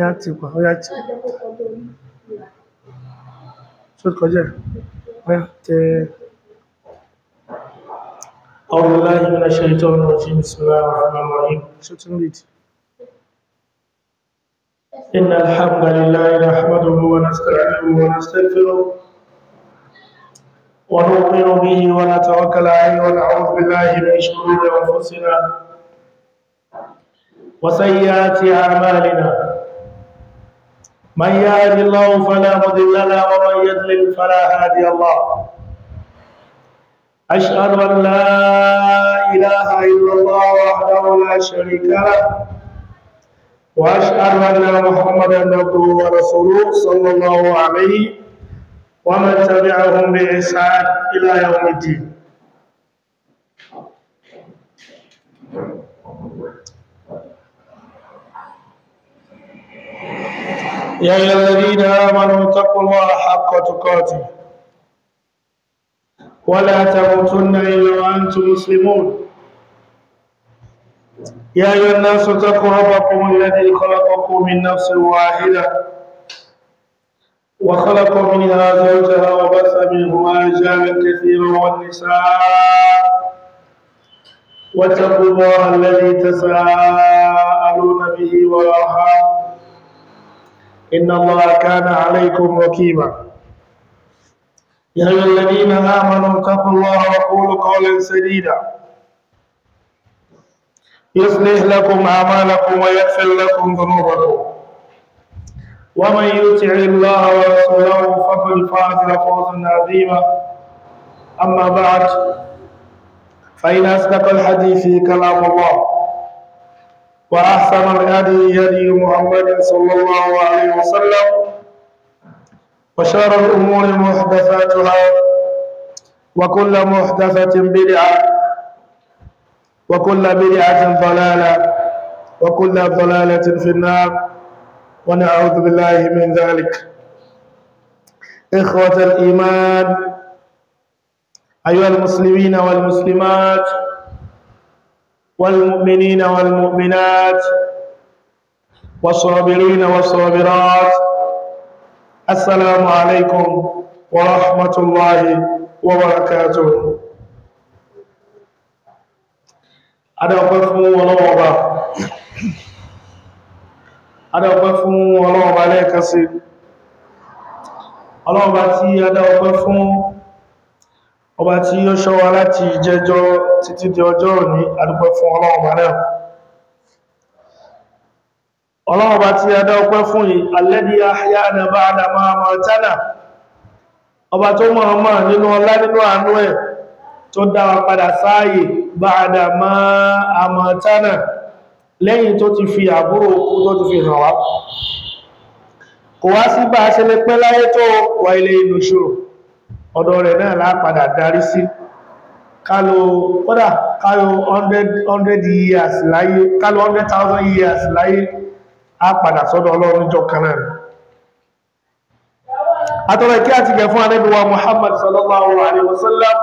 ياتيكو ياتي أعوذ بالله من الشيطان الرجيم بسم الله الرحمن الرحيم إن الحمد لله نحمده ونستعينه ونستغفره ونؤمن به ونتوكل عليه ونعوذ بالله من شرور أنفسنا وسيئات أعمالنا من يهد الله فلا مضل له ومن يضلل فلا هادي الله أشهد أن لا إله إلا الله وحده لا شريك له وأشهد أن محمدا عبده ورسوله صلى الله عليه ومن تبعهم بإحسان إلى يوم الدين يا أيها الذين آمنوا اتقوا الله حق تقاته ولا تموتن إلا وأنتم مسلمون يا أيها الناس اتقوا ربكم الذي خلقكم من نفس واحدة وخلق منها زوجها وبث منهما رجالا كثيرا والنساء واتقوا الله الذي تساءلون به والأرحام إن الله كان عليكم وكيما يا أيها الذين آمنوا اتقوا الله وقولوا قولا سديدا يصلح لكم أعمالكم ويغفر لكم ذنوبكم ومن يطع الله ورسوله فقد فاز فوزا عظيما أما بعد فإن أصدق الحديث كلام الله وأحسن الهدي هدي محمد صلى الله عليه وسلم وشر الأمور محدثاتها وكل محدثة بدعة وكل بدعة ضلالة وكل ضلالة في النار ونعوذ بالله من ذلك إخوة الإيمان أيها المسلمين والمسلمات والمؤمنين والمؤمنات والصابرين والصابرات السلام عليكم ورحمة الله وبركاته adọ́pẹ́ fún ọlọ́wọ́ ọba adọ́pẹ́ fún ọlọ́wọ́ ọba lẹ́ẹ̀kan sí ọlọ́wọ́ ọba tí adọ́pẹ́ fún ọba tí ó ṣọ́ wa láti ìjẹjọ́ títí di ọjọ́ òní adúpẹ́ fún ọlọ́ọ̀bá náà ọlọ́ọ̀bá tí a dá ọpẹ́ fún yìí alẹ́dí ahìyá àdàbà àdàmà martana ọba tó mọ̀ ọmọ nínú ọlá nínú àánú ẹ̀ tó dáwà padà sáàyè bá àdàmà àmọ̀tánà lẹ́yìn tó ti fi àbúrò okú tó ti fi hàn wá kò wá sí bá a ṣe lè pẹ́ láyé tó wà ilé ìlú ṣòro ọ̀dọ̀ rẹ̀ náà lápadà darí sí kálò kódà kálò 100 years láyé kálò 100,000 years láyé a padà sọ́dọ̀ ọlọ́run jọ kanáà àtọ́rọ̀ kí a ti gẹ̀ fún Ànábì Muhammad sallallahu alaihi wasallam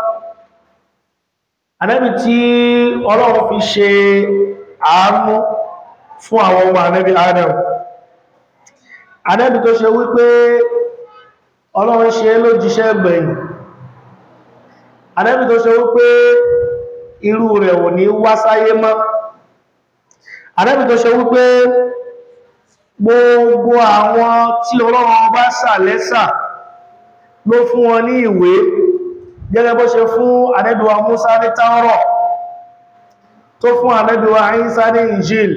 Ànábì tí ọlọ́run fi ṣe àánú fún àwọn ọmọ Ànábì Adam Ànábì tó ṣe wípé ọlọ́run ṣe ló jíṣẹ́ gbẹ̀yìn anẹ́bì tó ṣe wípé irú rẹ̀ ò ní wá sáyé mọ́ anẹ́bì tó ṣe wípé gbogbo àwọn tí ọlọ́run bá sà lẹ́sà ló fún wọn ní ìwé gẹ́gẹ́ bó ṣe fún anẹ́bìwa Musa ní Tàórà tó fún anẹ́bìwa Ìsá ní Injil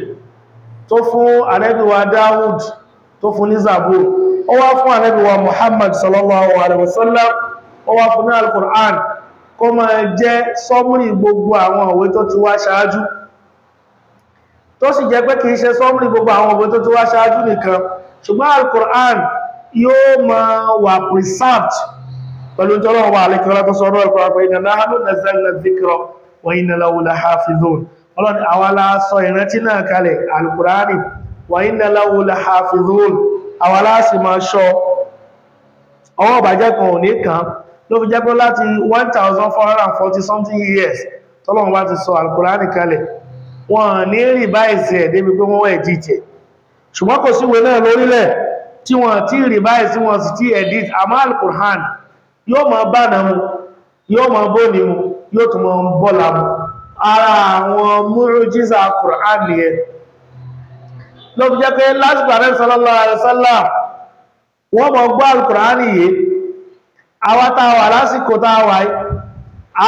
tó fún anẹ́bìwa Dáwùd tó fún ní Zabur ó wá fún ànábìwa Muhammad sallallahu alaihi wasallam ó wá fún ní al-Qur'an kó máa jẹ́ sọ́mùrì gbogbo àwọn òwe tó ti wá ṣáájú tó sì jẹ́ pé kìí ṣe sọ́mùrì gbogbo àwọn òwe tó ti wá ṣáájú nìkan ṣùgbọ́n al-Qur'an yóò máa wà preserved pẹ̀lú tọ́lọ́wọ́ wà àwọn aláàsì máa ṣọ́ ọwọ́ ìbàjẹ́ kan ò ní kàn ló fi jẹ́ láti 1440 something years tọ́lọ́run bá ti sọ alkùránì kalẹ̀ wọ́n ní rí báyìí ẹ̀ débi pé wọ́n wẹ̀ jíjẹ̀ ṣùgbọ́n kò síwé náà lórílẹ̀ tí wọ́n ti rí báyìí sí wọ́n edit àmọ́ alkùrán yóò mu yóò mu yóò mu ara àwọn múrújísà alkùrán nìyẹn ló fi jẹ́ pé lásìkò àrẹ sallallahu alaihi wasallam wọ́n mọ̀ gbọ́ alukùránì yìí àwa tá a wà lásìkò tá a wà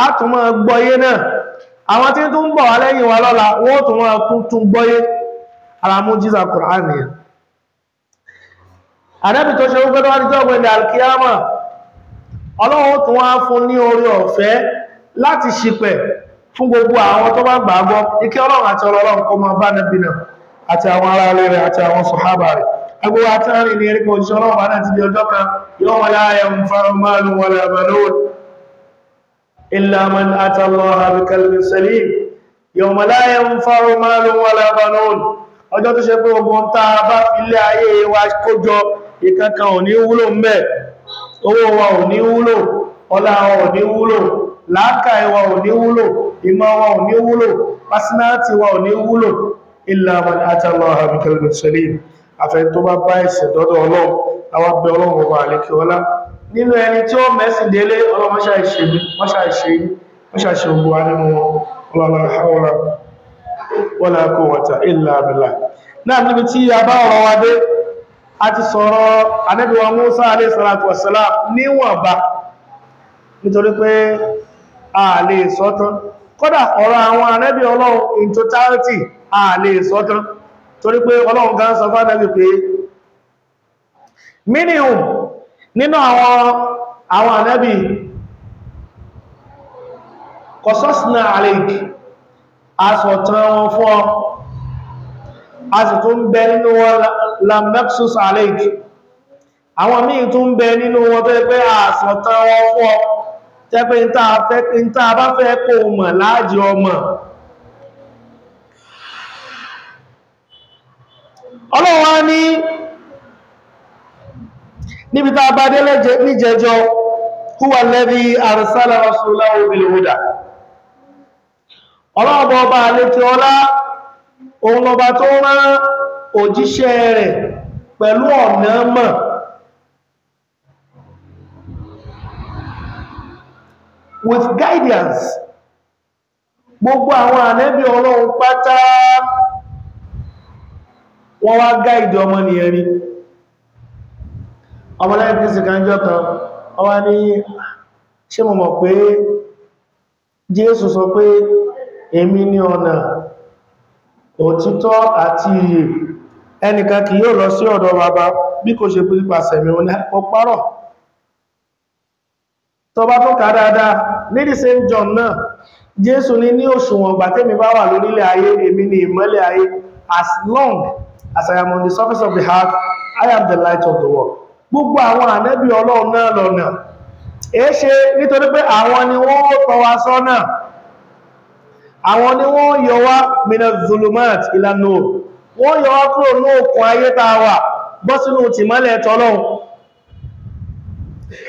àátùmọ̀ gbọ́yé náà àwọn tí tún bọ̀ wá lẹ́yìn wa lọ́la wọ́n tún wọ́n tún tún gbọ́yé alamújíza kùránì yẹn àdẹ́bì tó ṣe wípé tó wá ní jọ́ ọ̀gbẹ̀ndẹ̀ alkiyama ọlọ́run tún wá fún ní orí ọ̀fẹ́ láti ṣìpẹ̀ fún gbogbo àwọn tó bá gbàgbọ́ ikẹ́ ọlọ́run àti ọlọ́run kó máa bá nẹ́bì àti àwọn ará ilé rẹ̀ àti àwọn sọ̀hábà rẹ̀ agbó wa tán rìn ní erékọ̀ òjíṣẹ́ ọlọ́pàá náà ti di ọjọ́ kan yóò wọ́n láàyè ń fara máàlù wọn lẹ́bàlóòd illa man ata Allah bi qalbin salim yóò wọ́n láàyè ń fara máàlù wọn lẹ́bàlóòd ọjọ́ tó ṣe pé ogun tá a bá filé ayé wa kójọ ìkankan ò illa man ata Allaha bi qalbin salim àfẹ́ tó bá bá ẹ̀sẹ̀ dọ́dọ̀ ọlọ́run àwọn abẹ ọlọ́run ọba àlekè ọlá nínú ẹni tí ó mẹ́sìn délé ọlọ́run mọ́ṣáìṣe mọ́ṣáìṣe ogun wa nínú ọlọ́run hawla wala quwwata illa billah náà níbi tí a bá ọ̀rọ̀ wa dé a kọ́dà ọ̀rọ̀ àwọn ànábì ọlọ́run in totality a lè sọ́tán torí pé ọlọ́run gan sọ fún ànábì pé minimum nínú àwọn àwọn ànábì kọsọ́sìnà àlèkì asọ̀tán wọn fún ọ a bẹ nínú wọn lamexus àlèkì àwọn míì tún bẹ nínú wọn tó yẹ pé wọn fún ọ jẹ́ pé a bá fẹ́ kó mọ̀ láàájì ọmọ ọlọ́wọ́ ní níbi tá bá délé ní jẹjọ huwa alladhi arsala rasulahu bil huda ọlọ́ọ̀bọ̀ ọba àlejò ọlá òun lọba tó rán òjíṣẹ́ rẹ̀ pẹ̀lú ọ̀nà mọ̀ with guidance gbogbo àwọn ànẹ́bí ọlọ́run pátá wọ́n wá gáìdì ọmọ nìyẹn ni ọmọ láìpí sí kánjọ́ kan ọwá ní ṣe mọ̀ mọ̀ pé Jésù sọ pé èmi ni ọ̀nà òtítọ́ àti ìyè ẹnìkan kì yóò lọ sí ọ̀dọ̀ bàbá bí kò ṣe pípasẹ̀ mi ó ní tó bá tún ká dáadáa ní the same John náà Jésù ní ní òṣùwọ̀n ìgbà tẹ́mi bá wà lórílẹ̀ ayé èmi ni ìmọ́lẹ̀ ayé as long as I am on the surface of the earth I am the light of the world gbogbo àwọn ànẹ́bí Ọlọ́run náà lọ́nà èé ṣe nítorí pé àwọn ni wọ́n tọ́ wa sọ́nà àwọn ni wọ́n yọ wá mina zulumat ìlànà wọ́n yọ wá kúrò ní òkun ayé tá a wà bọ́ sínú tìmọ́lẹ̀ tọ́lọ́run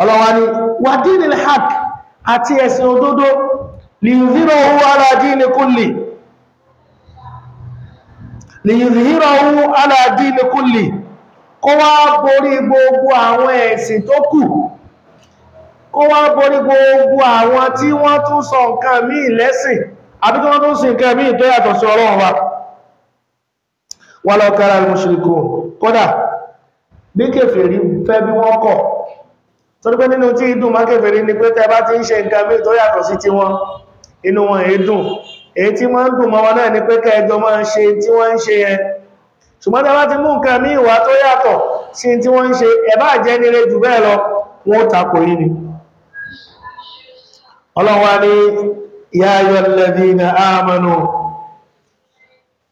ọlọ́wà ni wà dínì hak àti ẹ̀sìn òdodo liyudhirahu ala dini kulli liyudhirahu ala dini kulli kó wá borí gbogbo àwọn ẹ̀sìn tó kù kó wá borí gbogbo àwọn tí wọ́n tún sọ nǹkan míì lẹ́sìn àbí tí wọ́n tún sí nǹkan míì tó yàtọ̀ sí ọlọ́run wa walaw kara al kódà bí kèfèrí fẹ́ bí wọ́n kọ̀ torí pé nínú tí ìdùn mákèfèrè ni pé tẹ bá ti ń ṣe nǹkan bí tó yàtọ̀ sí ti wọn inú wọn èédùn èyí tí máa ń dùn mọ́ wọn náà ni pé kẹjọ máa ń ṣe tí wọ́n ń ṣe yẹn ṣùgbọ́n tẹ bá ti mú nǹkan mí ìwà tó yàtọ̀ sí tí wọ́n ń ṣe ẹ̀bá jẹ́ nílé jù bẹ́ẹ̀ lọ wọ́n tako yìí ni ọlọ́wà ní ya ayyuhal ladhina amanu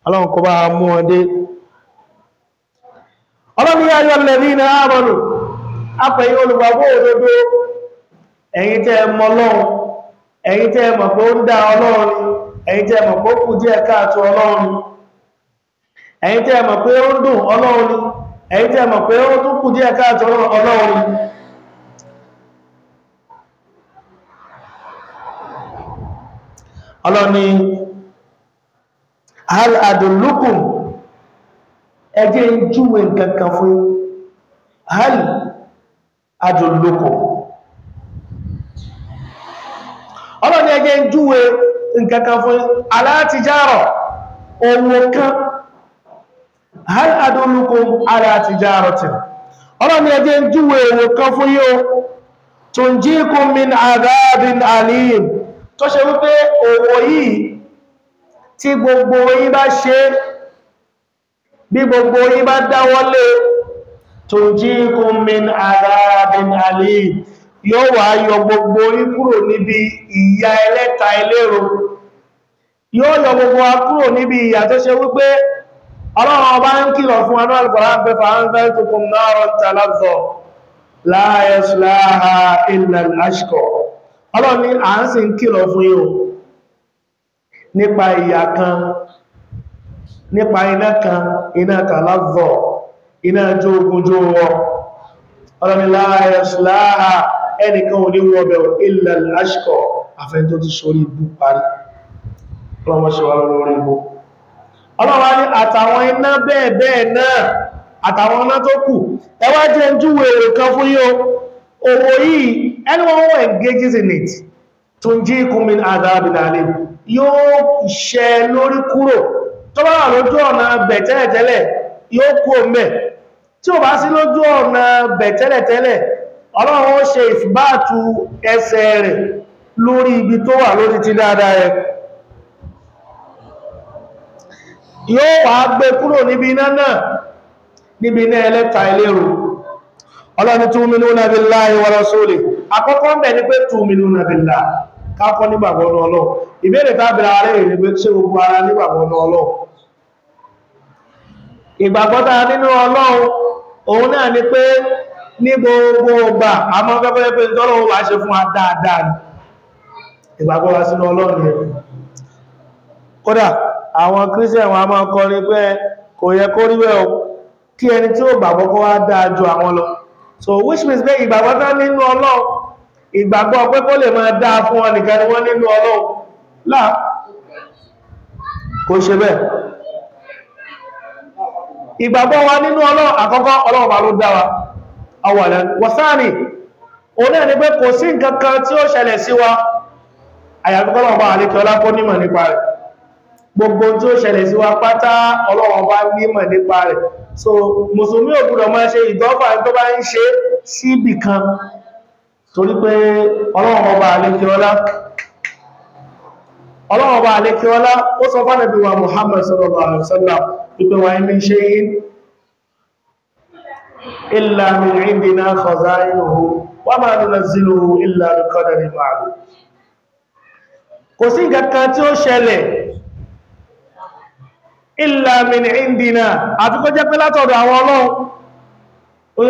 ọlọ́run kó bá mú ọdé ọlọ́run ya ayyuhal ladhina amanu apẹ̀yìn olùgbàgbọ́ òdodo ẹ̀yin tẹ́ ẹ mọ Ọlọ́run tẹ́ mọ̀ pé ó ń dá Ọlọ́run ẹ̀yin tẹ́ mọ̀ pé ó kù díẹ̀ káàtó Ọlọ́run adùnlókùn ọlọ́ni ẹgbẹ́ njuwe júwe nkankan fún alátijárọ̀ owó kan hal adùnlókùn alátijárọ̀ tí ọlọ́ni ẹgbẹ́ júwe owó kan fún yíò tó ń jí kún min àdábin tó ṣe wípé owó yìí tí gbogbo yín bá ṣe bí gbogbo yín bá tujikum min adhabin alim yóò wá yọ gbogbo yín kúrò níbi ìyà ẹlẹ́ta ẹlẹ́ro yóò yọ gbogbo wa kúrò níbi ìyà tó ṣe wípé ọlọ́run ọba ń kìlọ̀ fún anú Al-Qur'an ń pẹ́fà ń fẹ́ tukum naran talazza la yaslaha illa al iná jó ogun jó wọ ọlọ́niláyà ṣláà ẹnìkan ò ní wọ́bẹ̀ ilẹ̀ aṣkọ̀ àfẹ́ tó ti ṣorí ibú parí ọlọ́mọṣẹ́wà lórí ibú ọlọ́wà ní àtàwọn iná bẹ́ẹ̀ bẹ́ẹ̀ náà àtàwọn iná tó yóò ṣẹ lórí kúrò tó bá wà lójú ọ̀nà bẹ̀tẹ́ẹ̀tẹ́lẹ̀ yóò kú mẹ́ tí ó bá sí lójú ọ̀nà bẹ̀ tẹ́lẹ̀tẹ́lẹ̀ ọlọ́run ó ṣe ìfìbáàtù ẹsẹ̀ rẹ̀ lórí ibi tó wà lórí ti dáadáa ẹ yóò wá gbé kúrò níbi iná náà níbi iná ẹlẹ́ta ilérò ọlọ́ni tu'minuna billahi wa rasuli àkọ́kọ́ ń bẹ̀ ní pé tu'minuna billahi kákọ́ nígbàgbọ́ ní Ọlọ́run tábìlà rẹ̀ ìrìn pé ṣe gbogbo ara nígbàgbọ́ ní ìgbàgbọ́ta nínú Ọlọ́run òun náà ni pé ní gbogbo ọgbà àmọ́ fẹ́fẹ́ pé tọ́lọ́wọ́ wà ṣe fún àdáadáa ni ìgbàgbọ́ wa sínú ọlọ́run rẹ̀ kódà àwọn christian wọn a máa kọ ní pé kò yẹ kó rí bẹ́ẹ̀ o kí ẹni tí ó gbàgbọ́ kó wá dáa ju àwọn lọ so which means pé ìgbàgbọ́ tán nínú ọlọ́run ìgbàgbọ́ pé kó lè máa dáa fún wọn ìgbàgbọ́ wa nínú ọlọ́run àkọ́kọ́ ọlọ́run bá ló dára awàlẹ̀ wọ̀sáàni oní ẹni pé kò sí nǹkan kan tí ó ṣẹlẹ̀ sí wa àyàfikọ́lọ́run bá àlékẹ́ ọlá gbogbo tí o ṣẹlẹ̀ wa pátá ọlọ́run bá nímọ̀ nípa rẹ̀ so mùsùlùmí ò gbọ́dọ̀ kan ọba ọba wa ìpé wa ní ṣe illa min indina khaza'inuhu wa ma nunazziluhu illa bi qadarin ma'lum kò sí nǹkan tí ó ṣẹlẹ̀ illa min indina àti kó jẹ́ pé látọ̀dọ̀ àwọn ọlọ́run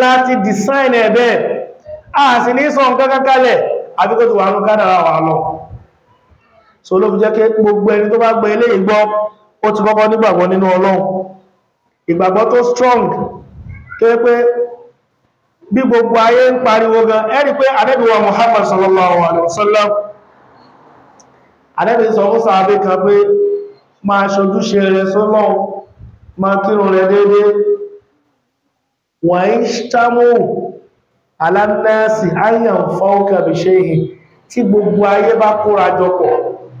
láti design ẹ̀bẹ̀ a sì ní sọ so ló fi jẹ́ pé gbogbo ẹni tó bá gbẹ ìgbọ́ ó ti kọ́kọ́ nígbàgbọ́ nínú ọlọ́run ìgbàgbọ́ tó strong tó yẹ pé bí gbogbo ayé ń pariwo gan ẹ́rì pé àdẹ́bíwa Muhammad sallallahu alaihi wasallam àdẹ́bí sọ fún sàábé kan pé ma ṣojúṣe rẹ̀ sọ́lọ́run ma kírun rẹ̀ dédé wọ́n ń ṣámú alánẹ́ẹ̀sì ayan fọ́ọ̀kà bí ṣe hì tí gbogbo ayé bá kórajọpọ̀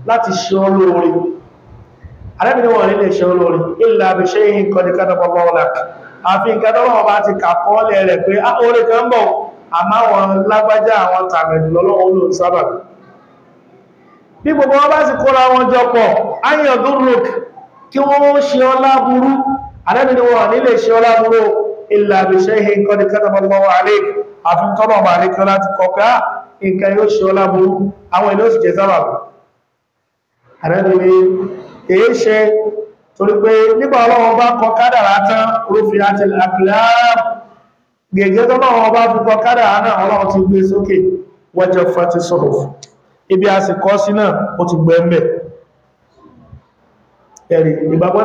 láti ṣe ọlọ́rin arábìnrin wọn nílé ṣe olórí ilẹ̀ àbíṣẹ́ yìí kọ́ ní kátàpọ̀pọ̀ ọ̀lá àfi ìkàtọ́lọ́wọ́ bá ti kàkọ́ọ́lẹ̀ rẹ̀ pé ah, orí kan bọ̀ àmá wọn lágbájá àwọn tàbẹ̀dù lọ́lọ́wọ́ ló sábà bí gbogbo wọn ṣe ọlá burú arábìnrin ah, wọn kèé ṣe torí pé nígbà ọlọ́wọ́n bá kọ kádàrá tán rúfin àti àkìláàb gẹ̀gẹ́ tọ́lọ́wọ́n bá fi ibi a sì kọ́ sí náà ó ti gbẹ́ mẹ́ ẹ̀rì ìgbàgbọ́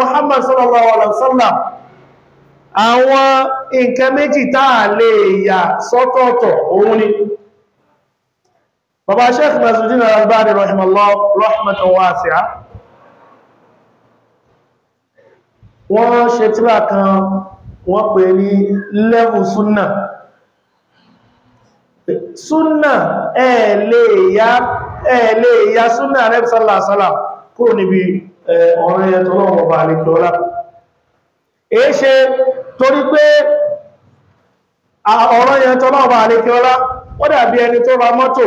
Muhammad sallallahu alaihi wasallam àwọn nǹkan méjì táà lè bàbá sheikh Nasruddin al-Albani rahimahullah rahmatan wasi'a wọ́n ṣe tíra kan wọ́n pè ní level súnnà súnnà ẹ̀ẹ̀lẹ̀ ìyá súnnà rẹ̀ sálàsálà kúrò níbi ọ̀rẹ́ ẹ̀tọ́lọ́wọ̀ bá lè kí ọlá èé ṣe torí pé ọ̀rọ̀ ẹ̀tọ́lọ́wọ̀ bá lè kí ọlá dàbí ẹni tó ra mọ́tò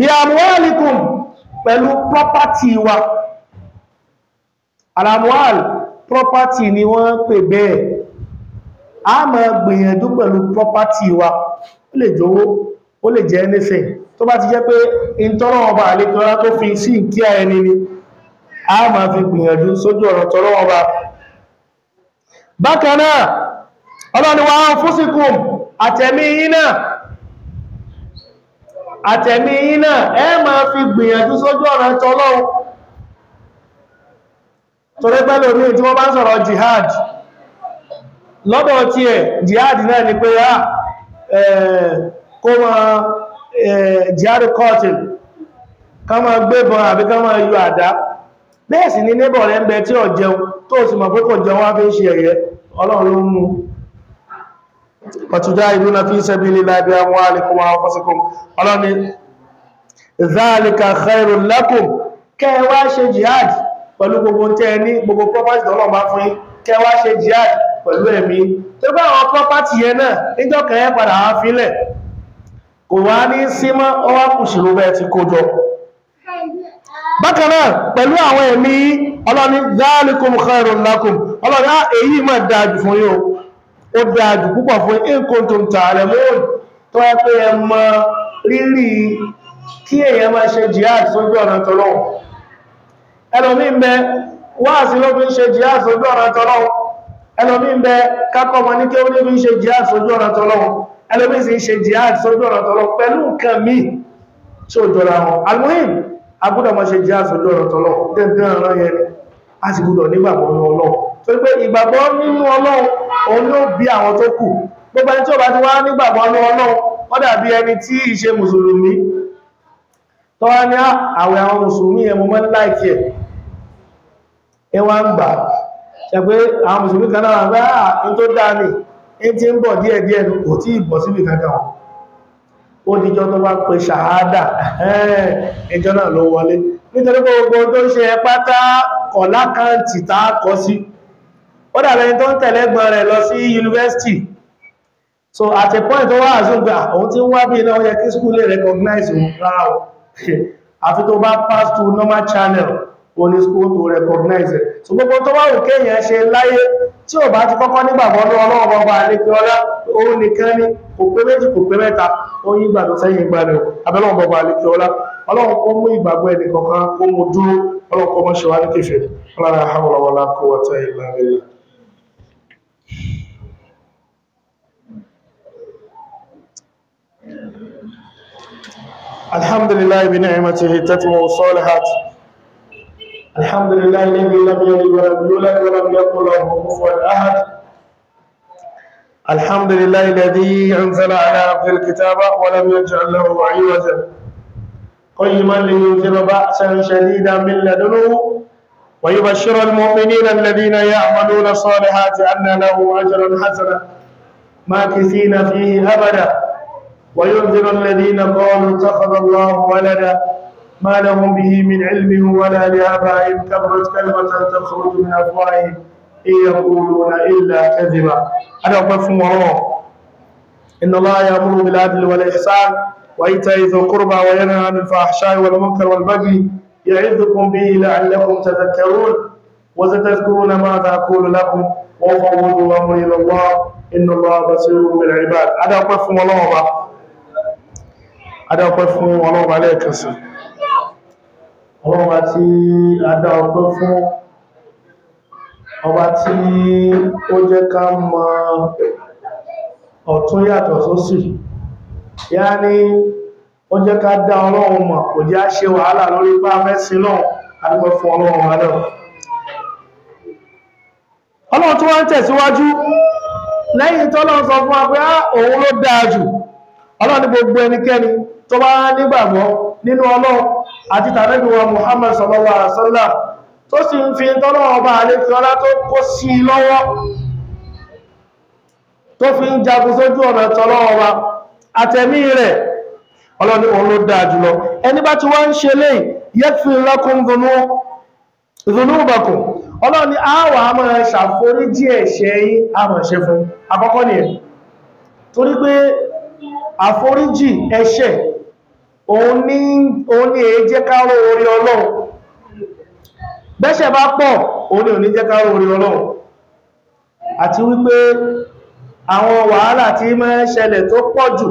bí amwalikum pẹ̀lú property wa alamwal property ni wọ́n pè bẹ́ẹ̀ a máa gbìyànjú pẹ̀lú property wa o lè jówó ó lè jẹ́ anything tó bá ti jẹ́ pé ìntọ́rọ̀ ọba àlékọ́lá tó fi sí ìkí ẹni ni a máa fi gbìyànjú sójú ọ̀rọ̀ tọ́rọ̀ ọba bákan náà ọlọ́ni wa fúsìkùn àtẹ̀mí yìí àtẹ̀mí iná ẹ ma fi gbìyànjú sójú ọ̀nà tọ́lọ́un torí pẹ́lú orí tí wọ́n bá ń sọ̀rọ̀ jihad lọ́dọ̀ tí ẹ̀ jihad náà ni pé ya kó ma jihad curtain ká ma gbébọn àbí ká ma yọ àdá ni nébọ̀ rẹ̀ ń bẹ tí jẹun tó sì mọ̀ وتجاهدون في سبيل الله بأموالكم وأنفسكم ọlọ́ni ذلك خير لكم kẹwa ṣe jihad pẹ̀lú gbogbo tẹ́ ní gbogbo property tọ́lọ̀ bá fún kẹwa ṣe jihad pẹ̀lú ẹ̀mí tó bá àwọn property yẹn náà níjọ́kẹ́ ẹ padà á fílẹ̀ kò wá ní símọ́ ọwá kùsùrù bẹ́ẹ̀ ti kójọ bákan náà pẹ̀lú àwọn ẹ̀mí ọlọ́ni ذلكم خير لكم ọlọ́ni ó dáadù púpọ̀ fún ǹkan tó ń ta rẹ̀ mọ́ tó ẹ pé ẹ mọ rírì kí èyàn máa ṣe jihad sójú ọ̀nà tọ́lọ́ ẹlòmí ń bẹ wáàsí ló fi ń ṣe jihad sójú ọ̀nà tọ́lọ́ ẹlòmí ń bẹ kákọ́mọ ní kéwú ní fi ń ṣe jihad sójú ọ̀nà tọ́lọ́ ẹlòmí sì ń ṣe jihad sójú ọ̀nà tọ́lọ́ pẹ̀lú nǹkan mi tí ó jọra wọn almuhim agbúdọ̀ máa ṣe jihad sójú ọ̀nà tọ́lọ́ dandan ọ̀rọ̀ yẹn a sì gbúdọ̀ nígbàgbọ́ torí ìgbàgbọ́ nínú ọlọ́run òun ló bí àwọn tó kù gbogbo ẹni tí ó bá ti wá nígbàgbọ́ nínú ọlọ́run wọ́n dàbí ẹni tí ìṣe mùsùlùmí tó ní àwẹ̀ àwọn mùsùlùmí ẹmọ mọ́ láìkí ẹ̀ ẹ wá ń gbà àwọn mùsùlùmí kan náà tó ní ẹni tí ń bọ̀ kò pe ẹjọ́ náà ló wọlé nítorí gbogbo tó ń ṣe pátá tá ó dàbẹ̀ tó ń tẹ̀lé gbọ́n rẹ̀ lọ sí yunifásitì so at a point tó wá àzúgbà ah, òun tí wá bí iná yẹ kí school lè recognize òun rárá o àfi tó bá pass to normal channel o ní school to recognize it so gbogbo tó wá òkè èèyàn ṣe láyé tí ò bá ti kọ́kọ́ nígbàgbọ́ ní ọlọ́run ọba àlejò ọlá òun nìkan ni kò pé méjì kò pé mẹ́ta ó yí ìgbàgbọ́ sẹ́yìn ìgbàgbọ́ abẹ́lọ́run ọba àlejò ọlá ọlọ́run kó mú ìgbàgbọ́ ẹnì kọ̀ọ̀kan kó mú dúró ọlọ́run kó mọ́ ṣe wá ní kẹfẹ́ ọlọ́run àwọn kó wọ́tẹ́ ìlànà الحمد لله بنعمته تتم الصالحات الحمد لله الذي لم يلد ولم يولد ولم يكن له كفوا احد الحمد لله الذي انزل على عبد الكتاب ولم يجعل له عوجا قيما لينذر باسا شديدا من لدنه ويبشر المؤمنين الذين يعملون الصالحات أن له أجرا حسنا ماكثين فيه أبدا وينذر الذين قالوا اتخذ الله ولدا ما لهم به من علم ولا لآبائهم كبرت كلمة تخرج من أفواههم إن يقولون إلا كذبا أنا أقف وراه إن الله يأمر بالعدل والإحسان وإيتاء ذو القربى وينهى عن الفحشاء والمنكر والبغي يعظكم به لعلكم تذكرون وستذكرون ماذا أقول لكم وفوضوا أمري إلى الله إن الله بصير بالعباد هذا أقف الله أبا هذا أقف الله أبا عليك الله أبا تي هذا أقف ọba tí ó jẹ́ ká mọ̀ ọ̀tún yàtọ̀ sósì yá ní ó jẹ́ ká dá ọlọ́run mọ̀ kò jẹ́ á ṣe wàhálà lórí pá mẹ́sìn náà adúgbò fún ọlọ́run wa náà ọlọ́run tó wá ń tẹ̀síwájú lẹ́yìn tọ́lọ́run sọ fún wa pé ah, òun ló dáa jù ọlọ́run ní gbogbo ẹnikẹ́ni tó bá nígbàgbọ́ nínú ọlọ́run àti tàbí wa Muhammad sallallahu alaihi wasallam tó sì ń fi tọ́lọ́run ọba àlefi ọlá tó kó sí lọ́wọ́ tó fi ń jagun sójú ọ̀nà tọ́lọ́run ọba àtẹ̀mí rẹ̀ ọlọ́ni òun ló dáa jùlọ ẹni bá ti wá ń ṣe léyìn yẹ́fì lọ́kùn ìdùnnúbọ̀kùn ọlọ́ni àwà àmọ́ ṣàforíjì ẹ̀ṣẹ̀ yìí àmọ́ ṣe fún àkọ́kọ́ ni ẹ̀ torí pé àforíjì ẹ̀ṣẹ̀ òun ní èéjẹ́ káró orí ọlọ́run bẹ́ṣẹ̀ bá pọ̀ òun ní èéjẹ́ káró orí ọlọ́run àti wípé àwọn wàhálà tí máa ń ṣẹlẹ̀ tó pọ̀ jù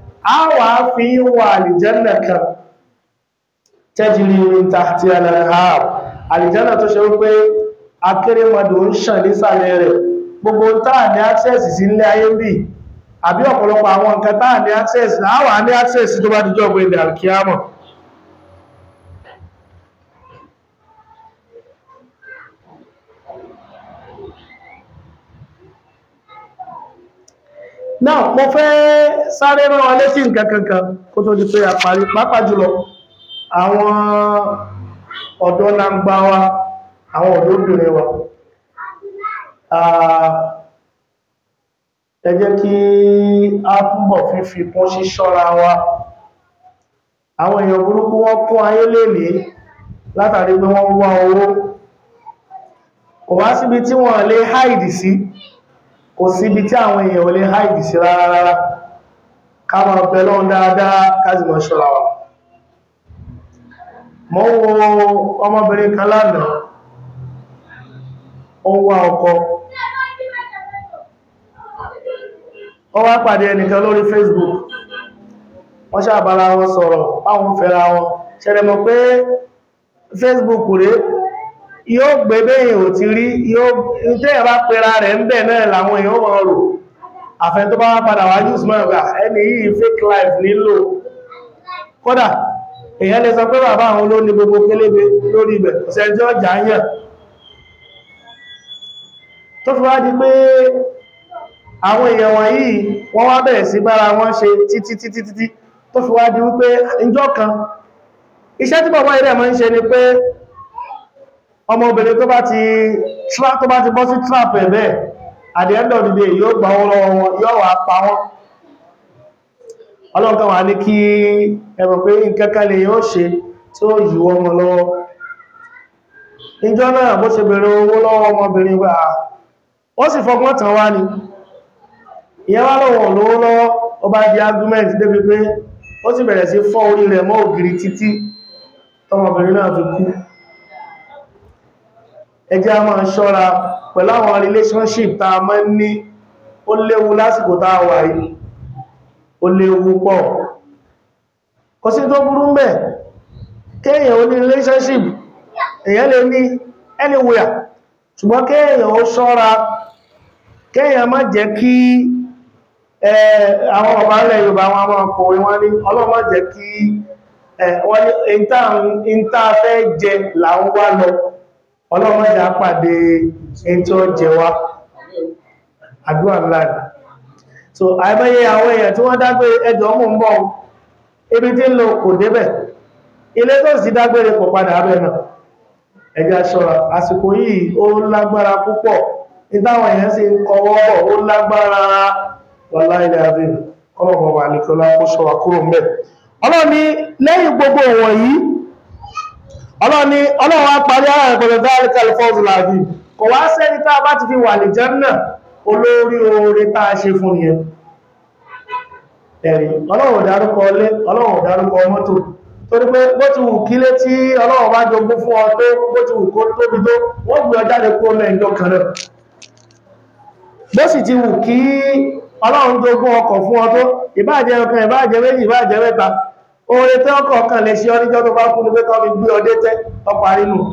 a wà fi wà àlìjẹ́nà kan tẹ́jìrì ìta àti ẹ̀lẹ̀hàb àlìjẹ́nà tó ṣe wípé akérèmọdò ń ṣàn nísàlẹ̀ rẹ̀ gbogbo táà ní access sí ilé ayé bí àbí ọ̀pọ̀lọpọ̀ àwọn nǹkan táà ní access wà ní access tó bá dijọ́ gbé náà mo fẹ sáré rán wa létí nǹkan kankan kó tó di pé àparí pàápàá jùlọ àwọn ọ̀dọ́ langba wa àwọn ọ̀dọ́ obìnrin wa ẹ jẹ́ kí a túbọ̀ fífi kún ṣíṣọ́ra wa àwọn èèyàn burúkú wọ́n kún ayé lèlé látàrí pé wọ́n wá owó kò wá síbi tí wọ́n lè háìdì sí kò síbi tí àwọn èèyàn olè haidi sí rárá rárá ká ma dáadáa káàzì ṣọ́ra wa mọ́ wo ọmọbìnrin kan lánàá ó ọkọ ó wá pàdé ẹnìkan lórí Facebook wọ́n ṣàbára wọn sọ̀rọ̀ báwọn fẹ́ra wọn Facebook rèé yóò gbé bẹ́yìn ò ti rí tẹ́yẹ̀ bá pera rẹ̀ ń bẹ̀ náà làwọn èèyàn wọn rò àfẹ́ tó bá wá padà wá jù súnmọ́ ọ̀gá ẹni yìí fake life nílò kódà èèyàn lè sọ pé bàbá àwọn ló ní gbogbo kélébé lórí ibẹ̀ ṣẹjọ́ ọjà yàn tó fi wá di pé àwọn èèyàn wọ̀nyí wọ́n wá bẹ̀rẹ̀ sí bára wọn ṣe títí títí títí tó fi wá di wípé ìjọ kan iṣẹ́ tí bàbá ìrẹ̀ mọ́ ń ṣe ni pé ọmọbìnrin tó bá ti tó bá ti bọ́ sí trap ẹ̀ bẹ́ẹ̀ at the end of the day yóò gbà wọ́n lọ́wọ́ wọn yóò wà pa wọ́n ọlọ́kan wà ní kí ẹ̀rọ pé nǹkankan lè yóò ṣe tí ó yíwọ ọmọ lọ́wọ́ ìjọ náà bó ṣe bèèrè owó lọ́wọ́ ọmọbìnrin wà ó sì fọgbọ́n tàn wá ní ìyẹn wá lọ́wọ́ lówó lọ́wọ́ ó bá di argument débi pé ó sì bẹ̀rẹ̀ sí fọ́ orí rẹ̀ mọ́ ògiri títí tọmọbìnrin náà fi kú ẹjẹ́ a máa ṣọ́ra pẹ̀lú àwọn relationship tá a máa ń ní ó léwu lásìkò tá a wà yìí ó léwu pọ̀ kò sí tó burú mẹ́ kéèyàn ó ní relationship èyàn lè ní anywhere ṣùgbọ́n kéèyàn ó ṣọ́ra kéèyàn má jẹ́ kí àwọn ọba ilẹ̀ Yorùbá wọn máa kọ̀wé wọn ní ọlọ́mọ jẹ́ kí wọ́n ní ìta jẹ làwọn wá lọ ọlọ́mọdá pàdé ẹni tó jẹwa àdúrà ńlá so àìbáyé àwọn èèyàn tí wọ́n dágbé ẹjọ́ mú ń bọ́ ibi tí ń lọ kò débẹ̀ ilé tó sì dágbére kò padà abẹ́ náà ẹjá ṣọ́ra àsìkò yìí ó lágbára púpọ̀ ìtàwọn èèyàn sì kọwọ́ ó lágbára wọlá ilẹ̀ àbẹ̀rẹ̀ ọlọ́mọ wà ní kí ọlá kó ṣọ́ra kúrò mẹ́ ọlọ́ni lẹ́yìn gbogbo wọ̀nyí ọlọ́ni ọlọ́wọ́ parí ara ìpẹ̀lẹ̀ dárí kalifọ́sù láàbí kò wá sẹ́ni tá bá ti fi wà lè jẹ́ náà olórí oore tá a ṣe fún yẹn ẹ̀rì ọlọ́wọ̀ dárúkọ ọlé ọlọ́wọ̀ dárúkọ mọ́tò torí pé bó ti wù kílé tí ọlọ́wọ̀ bá jogún fún ọ tó bó ti wù kó tóbi tó wọ́n gbé ọ jáde kó mẹ́ ìjọ kan náà bó sì ti wù kí ọlọ́run jogún ọkọ̀ fún ọ tó ìbáàjẹ́ ọkàn ìbáàjẹ́ méjì ìbáàjẹ́ mẹ́ta oore tí ọkọ̀ kan lè ṣe ọdíjọ́ tó bá kú ní pé kọ́ fi gbé ọdé tẹ́ ọpa rínú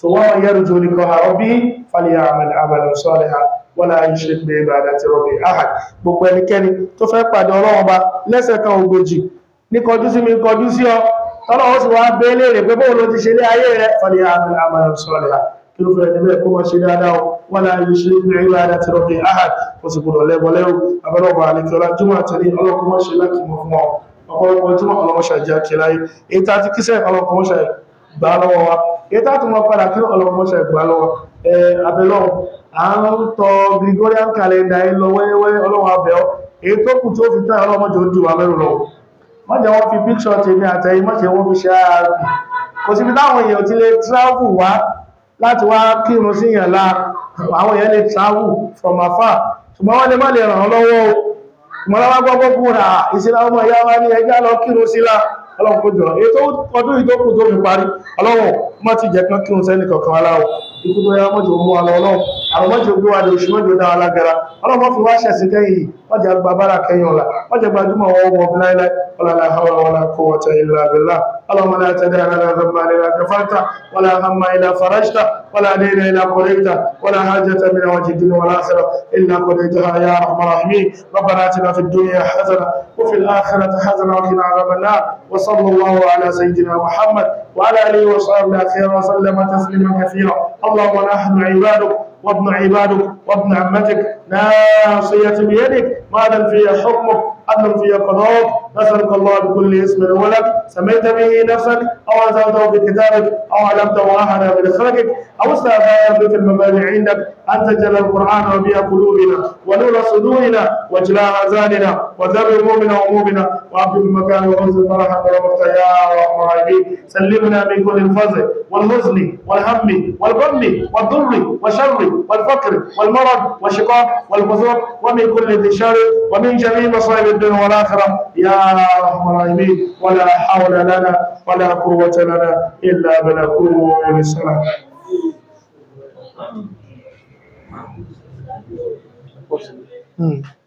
so wọ́n yẹ́rù tó ní kọ́ àwọn bí falẹ̀ àmàlẹ̀ sọ́rẹ̀ ha wọ́n láàá ṣe pé ìbàdà ti rọ̀bì ahad gbogbo ẹnikẹ́ni tó fẹ́ pàdé ọlọ́run ba lẹ́sẹ̀ kan ogójì ní kọjú sí mi kọjú sí ọ tọ́lọ́wọ́ sì wá bẹ́ léèrè pé bóòlù ti ṣe lé ayé rẹ̀ falẹ̀ àmàlẹ̀ sọ́rẹ̀ ha kí ló fẹ́ ẹ̀dẹ́bẹ̀ kó mọ́ ṣe dáadáa wọ́la yíṣẹ́ ìrìnlẹ́gbẹ̀rẹ́ àti rọ̀bì ahad ó sì gbọ́dọ̀ lẹ́bọ̀lẹ́rù abẹ́rọ̀bà àlejò ọlá jùmọ̀ àtẹ́lẹ́ ọlọ́kùnmọ́ṣe láti mọ̀ fún ọ ọ̀pọ̀lọpọ̀ tí wọ́n ọlọ́mọṣà jẹ́ kí láyé ètà ti kíṣẹ́ ọlọ́mọṣà gbà lọ́wọ́ wa ètà tí wọ́n padà Gregorian calendar ẹ lọ wẹ́wẹ́ ọlọ́wọ́ abẹ́ ọ èyí tó kù tí ó fi tán ọlọ́mọjọ ojú wa mẹ́rù lọ wọ́n jẹ́ wọ́n fi píkṣọ tèmi àtẹ̀yìn mọ́ṣẹ́ wọ́n fi ṣe ààrùn kò síbi táwọn èèyàn ti lè from afar ṣùgbọ́n wọ́n lè má mọ́láwá gbọ́gbọ́ kúrà ìsìlá ọmọ ìyá wa ní ẹjá lọ kírun sílá ọlọ́run kójọ ètò ọdún ìdókù tó má ti jẹ́ kán kírun sẹ́ni kankan ara o ikú tó yá mọ́jọ mú wa lọ ọlọ́run àwọn mọ́jọ gbé wa lè oṣù mọ́jọ dá alágara ọlọ́run fi wá ṣẹ̀sìn kẹ́yìn yìí wọ́n jẹ́ gba bára kẹ́yìn ọ̀la wọ́n jẹ́ gbajúmọ̀ wọn wọ́n bí láíláí ọ̀làlá àwọn ọ̀là kó wọ́tẹ̀ ilẹ̀ abẹ́lá اللهم لا تدع لنا ذنبا الا كفرته ولا هما الا فرجته ولا دينا الا قضيته ولا حاجه من وجه الدين والاخره الا قضيتها يا ارحم الراحمين ربنا اتنا في الدنيا حسنه وفي الاخره حسنه وقنا عذاب النار وصلى الله على سيدنا محمد وعلى اله وصحبه خيرا وسلم تسليما كثيرا اللهم نحن عبادك وابن عبادك وابن عمتك ناصية بيدك ما دام في حكمك عدل في قضاءك نسألك الله بكل اسم ولك سميت به نفسك أو أنزلته في كتابك أو علمته أحدا من خلقك أو استأثرت في المبادئ عندك أن تجعل القرآن ربيع قلوبنا ونور صدورنا وجلاء أذاننا وذر همومنا وهمومنا وعبد المكان وأنزل فرحا ورحمة يا رب سلمنا من كل الفزع والحزن والهم والغم والضر والشر والفقر والمرض والشقاق والفسوق ومن كل ذي شر ومن جميع مصائب الدنيا والآخرة يا رحم الراحمين ولا حول لنا ولا قوة لنا إلا بلكون السلام Mm.